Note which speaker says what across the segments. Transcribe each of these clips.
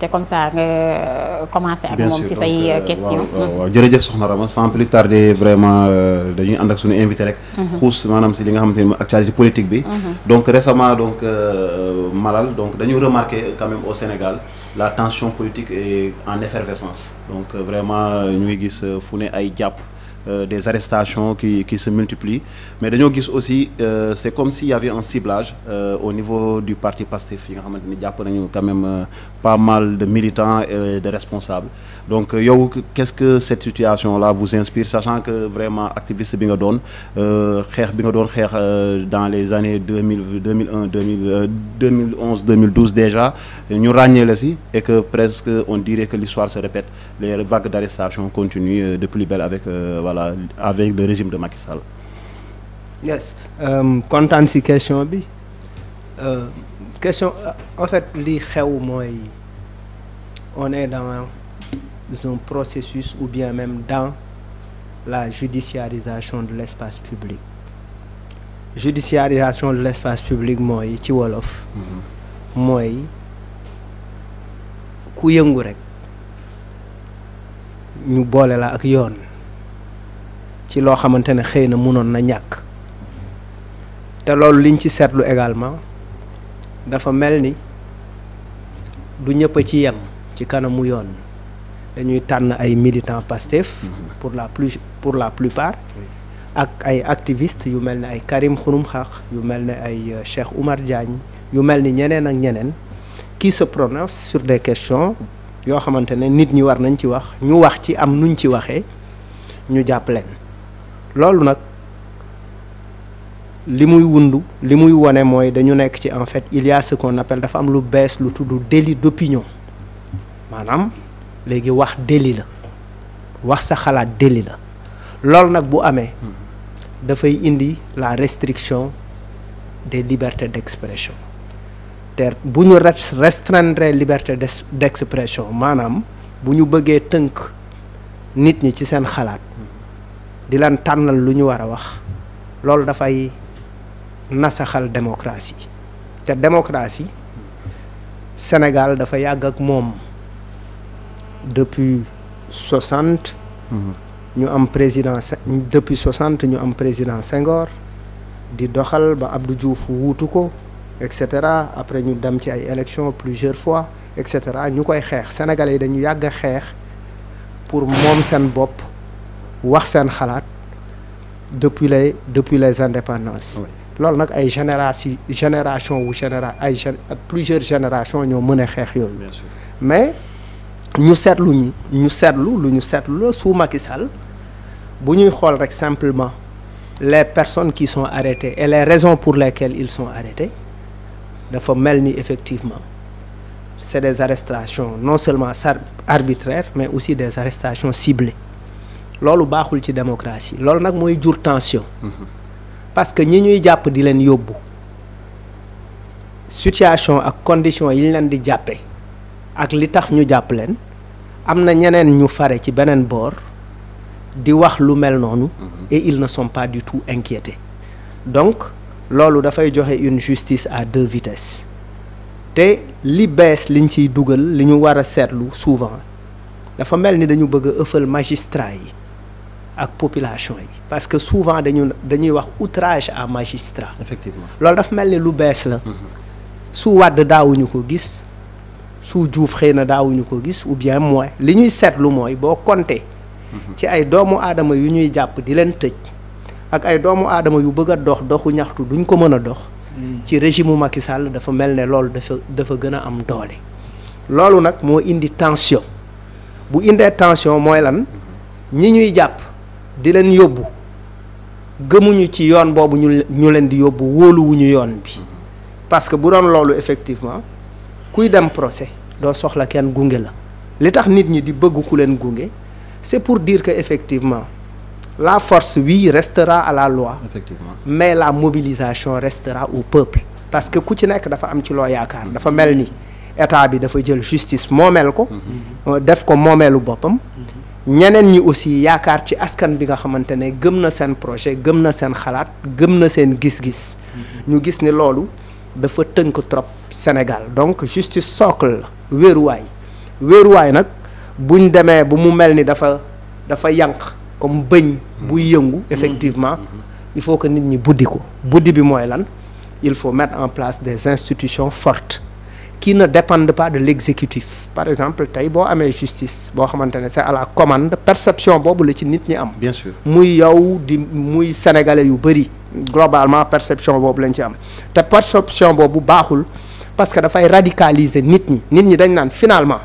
Speaker 1: te comme ça nga euh, commencer ak moom si say euh, euh, question hmm. waaw jërëjëf soxna Rama sans plus tarder vraiment dañuy ànd suñu invité rek hmm. xuus maanaam si li nga xamante ni actualité politique bi hmm. donc récemment donc Malal donc dañu remarqué quand même au Sénégal la tension politique est en effervescence donc vraiment ñu ngi gis fu ne ay jàpp Euh, des arrestations qui qui se multiplient mais dañoo gis aussi euh, c'est comme s'il y avait un ciblage euh, au niveau du parti Pastef yi nga xamante ni jàpp nañu quand même pas mal de militants et de responsables donc euh, yow qu'est-ce que cette situation là vous inspire sachant que vraiment activiste bi nga doon euh, xeex bi nga doon xeex euh, dans les années deux mille deux mille un deux mille deux mille onze deux mille déjà ñu ràññee la si et que presque on dirait que l'histoire se répète les vagues d'arrestation continuent de plus belle avec voilà avec le régime de Macky Sall.
Speaker 2: yes kontaan si question bi question en fait li xew mooy on est dans. un processus ou bien même dans la judiciarisation de l'espace public judiciarisation de l'espace public mooy ci wolof mm-hmm. mooy ku yëngu rek ñu boole la ak yoon ci loo xamante ne xëy na munoon na ñàkk te loolu liñ ci seetlu également dafa mel ni du ñëpp ci yem ci kanamu yoon dañuy tànn ay militants Pastef mhm. pour la plus pour la plupart ak ay activistes yu mel ni ay Karim Xurum Xaq yu mel ne ay euh, Cheikh Oumar Diagne yu mel ni ñeneen ak ñeneen kii se sur des questions yoo xamante ne nit ñi war nañ ci wax ñu wax ci am nuñ ci waxee ñu jàpp leen loolu nag li muy wundu li muy wone mooy dañu nekk ci en fait il y a dafa am lu bees lu tudd délit d'opinion maanaam léegi wax délit la wax sa xalaat délit la loolu nag bu amee dafay indi la restriction de libertés d'expression te bu ñu restreindre liberté d'expression maanaam bu ñu bëggee tënk nit ñi ci seen xalaat di leen tànnal lu ñu war a wax loolu dafay nasaxal démocratie te démocratie Sénégal dafa yàgg ak moom depuis soixante. Mhm. ñu am président depuis soixante ñu am président Senghor di doxal ba Abdou Diouf wuutu ko et cetera après ñu dem ci ay élections plusieurs fois et cetera ñu koy xeex sénégalais yi dañu yàgg xeex pour moom seen bopp wax seen xalaat depuis les depuis les indépendances. loolu nag ay génération génération wu généra ay plusieurs générations ñoo mën a xeex yooyu. mais. ñu seetlu ñu ñu seetlu lu ñu seetlu la sous Macky bu ñuy xool rek simplement les personnes qui sont arrêtées et les raisons pour lesquelles ils sont arrêtés dafa mel ni effectivement c'est des arrestations non seulement arbitraires mais aussi des arrestations ciblées loolu baaxul ci démocratie loolu nag mooy jur tension mm-hmm. parce que ñi ñuy jàpp di leen yóbbu situation ak conditions yi leen di jàppee ak li tax ñu jàpp leen am na ñeneen ñu fare ci beneen boor di wax lu mel noonu mhm. et ils ne sont pas du tout inquiétés donc loolu dafay joxe une justice à deux vitesses te li bees liñ ciy dugal li ñu war a seetlu souvent dafa mel ni dañu bëgg ëffal magistrat yi ak population yi parce que souvent dañu dañuy wax outrage à magistrat effectivement loolu dafa mel ni lu bees la mhm. su wàdd daawuñu ko gis su juuf xëy na daawuñu ko gis ou bien moins li ñuy seetlu mooy boo compter ci ay doomu aadama yu ñuy jàpp di leen tëj ak ay doomu aadama yu bëgg a dox doxu ñaxtu duñ ko mën a dox hmm. ci régime Macky Sall dafa mel ne loolu dafa dafa gën a am doole loolu nag moo indi tension bu indee tension mooy lan ñi ñuy jàpp di leen yóbbu gëmuñu ci yoon boobu ñu ñu leen di yóbbu wóoluwuñu yoon bi hmm. parce que bu doon loolu effectivement kuy dem procès doo soxla kenn gunge la li tax nit ñi di bëgg ku leen gunge c'est pour diir que effectivement la force oui restera à la loi effectivement mais la mobilisation restera au peuple parce que ku ci nekk dafa am ci loo yaakaar dafa mel ni état bi dafa jël justice moomeel ko mm-hmm. euh, def ko moomeelu boppam mm-hmm. ñeneen ñi aussi yaakaar ci askan bi nga xamante ne gëm na seen projet gëm na seen xalaat gëm na seen gis-gis mm-hmm. ñu gis ni loolu dafa tënk trop Sénégal donc justice socle la wéeruwaay wéeruwaay nag buñ demee bu mu mel ni dafa dafa yànq comme bëñ buy yëngu mm-hmm. effectivement mm-hmm. il faut que nit ñi buddi ko buddi bi mooy lan il faut mettre en place des institutions fortes qui na dépendent pas de l'exécutif par exemple tey boo amee justice boo xamante ne c'est à la commande perception boobu la ci nit ñi am bien muy yow di muy sénégalais yu bëri globalement perception boobu lañu ci am te perception boobu baaxul parce que dafay radicaliser nit ñi nit ñi dañ naan finalement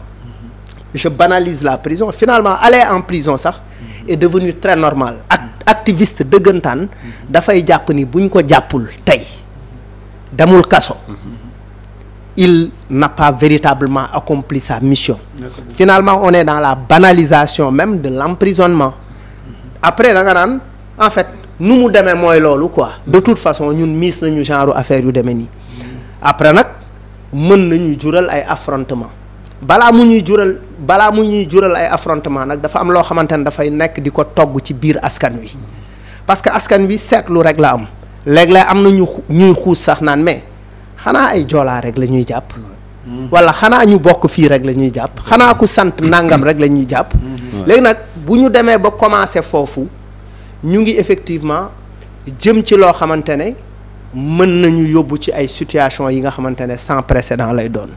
Speaker 2: je banalise la prison finalement aller en prison sax est devenu très normal ak activiste dëggantaan dafay jàpp ni buñ ko jàppul tey demul kaso il n'a pas véritablement accompli sa mission finalement on est dans la banalisation même de l'emprisonnement après da nga naan en fait nu mu demee mooy loolu quoi de toute façon ñun miis nañu genre affaire yu demee nii après nag mën nañu jural ay affrontement balaa mu ñuy jural balaa mu ñuy jural ay affrontement nag dafa am loo xamante ne dafay nekk di ko togg ci biir askan wi parce que askan wi seetlu rek la am léeg am na ñu ñuy xuus sax naan mais xanaa ay joolaa rek la ñuy jàpp mm-hmm. wala xanaa ñu bokk fii rek la ñuy jàpp xanaa ku sant nangam rek la ñuy jàpp mm-hmm. léegi nag bu ñu demee ba commencé foofu ñu ngi effectivement jëm ci loo xamante ne mën nañu yóbbu ci ay situation yi nga xamante ne sans précédent lay doon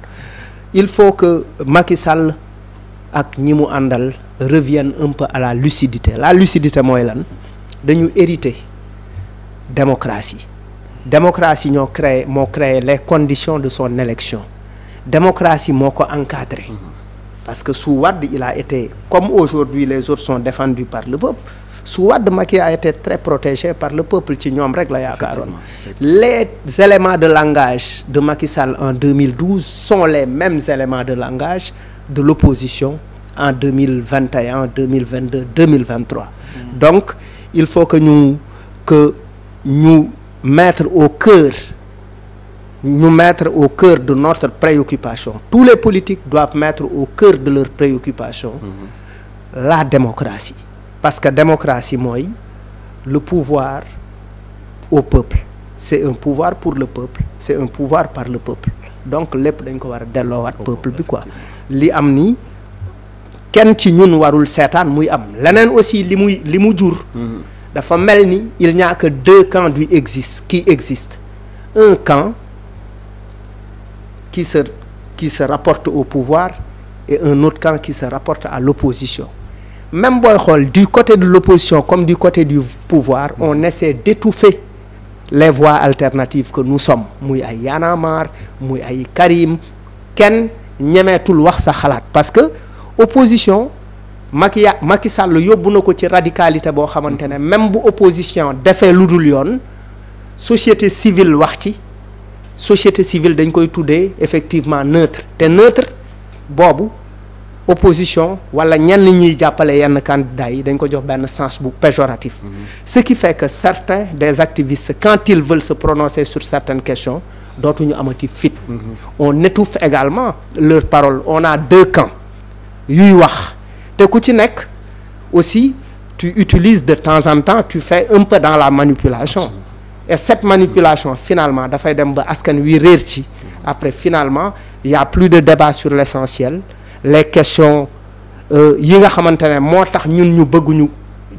Speaker 2: il faut que Macky Sall ak ñi mu àndal revienne un peu à la lucidité la lucidité mooy lan dañu hérité démocratie démocratie ñoo créé moo créé les conditions de son élection démocratie moo ko encadré mm-hmm. parce que su Wade il a été comme aujourd'hui les autres sont défendus par le peuple su Wade Macky a été très protégé par le peuple ci ñoom rek la yaakaaroon les éléments de langage de Macky Sall en 2012 sont les mêmes éléments de langage de l'opposition en 2021 2022 2023 mmh. donc il faut que ñu que ñu mettre au cœur ñu mettre au cœur de notre préoccupation tous les politiques doivent mettre au cœur de leur préoccupation mm-hmm. la démocratie parce que démocratie mooy le pouvoir au peuple c'est un pouvoir pour le peuple c'est un pouvoir par le peuple donc lépp dañ ko war a delloowaat peuple bi quoi li am ni kenn ci ñun warul seetaan muy am leneen aussi li muy li mu jur mhm. dafa mel ni il n'y a que deux camps du existe qui existent un camp qui se qui se rapporte au pouvoir et un autre camp qui se rapporte à l'opposition même booy xool du côté de l'opposition comme du côté du pouvoir on essaie d'étouffer les voies alternatives que nous sommes muy ay Y'en muy ay Karim kenn ñemeetul wax sa xalaat parce que opposition Macky ya sàll yóbbu na ko ci radicalité boo xamante ne même bu opposition defee lu dul yoon société civile wax ci société civile dañ koy tuddee effectivement neutre te neutre boobu opposition wala ñenn ñuy jàppale yenn candidats yi dañ ko jox benn sens bu péjoratif mhm. ce qui fait que certains des activistes quand ils veulent se prononcer sur certaines questions dootuñu amati fit mhm. on étouffe également leur parole on a deux camps yuy wax te ku ci nekk aussi tu utilises de temps en temps tu fais un peu dans la manipulation et cette manipulation finalement dafay dem ba askan wi réer ci mhm. après finalement il plus de débat sur l'essentiel les questions euh, yi nga xamante ne moo tax ñun ñu bëgguñu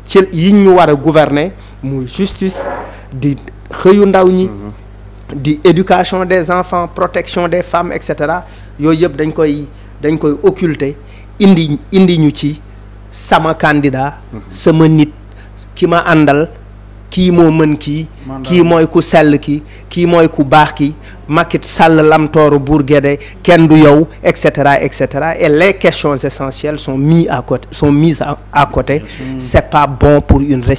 Speaker 2: ci yiñ ñu war a gouverner muy justice di xëyu ndaw ñi mhm. di éducation des enfants protection des femmes et cetera yooyu yëpp dañ koy dañ koy occulter indi indi ñu ci sama candidat mhm. sama nit ki ma àndal kii moo mën kii kii mooy ku sell ki kii mooy ku baax kii Macky Sall Lamtoro Bour Guédé kenn du yow et cetera et cetera et les questions essentielles sont mises à côté sont mises à côté c'est pas bon pour une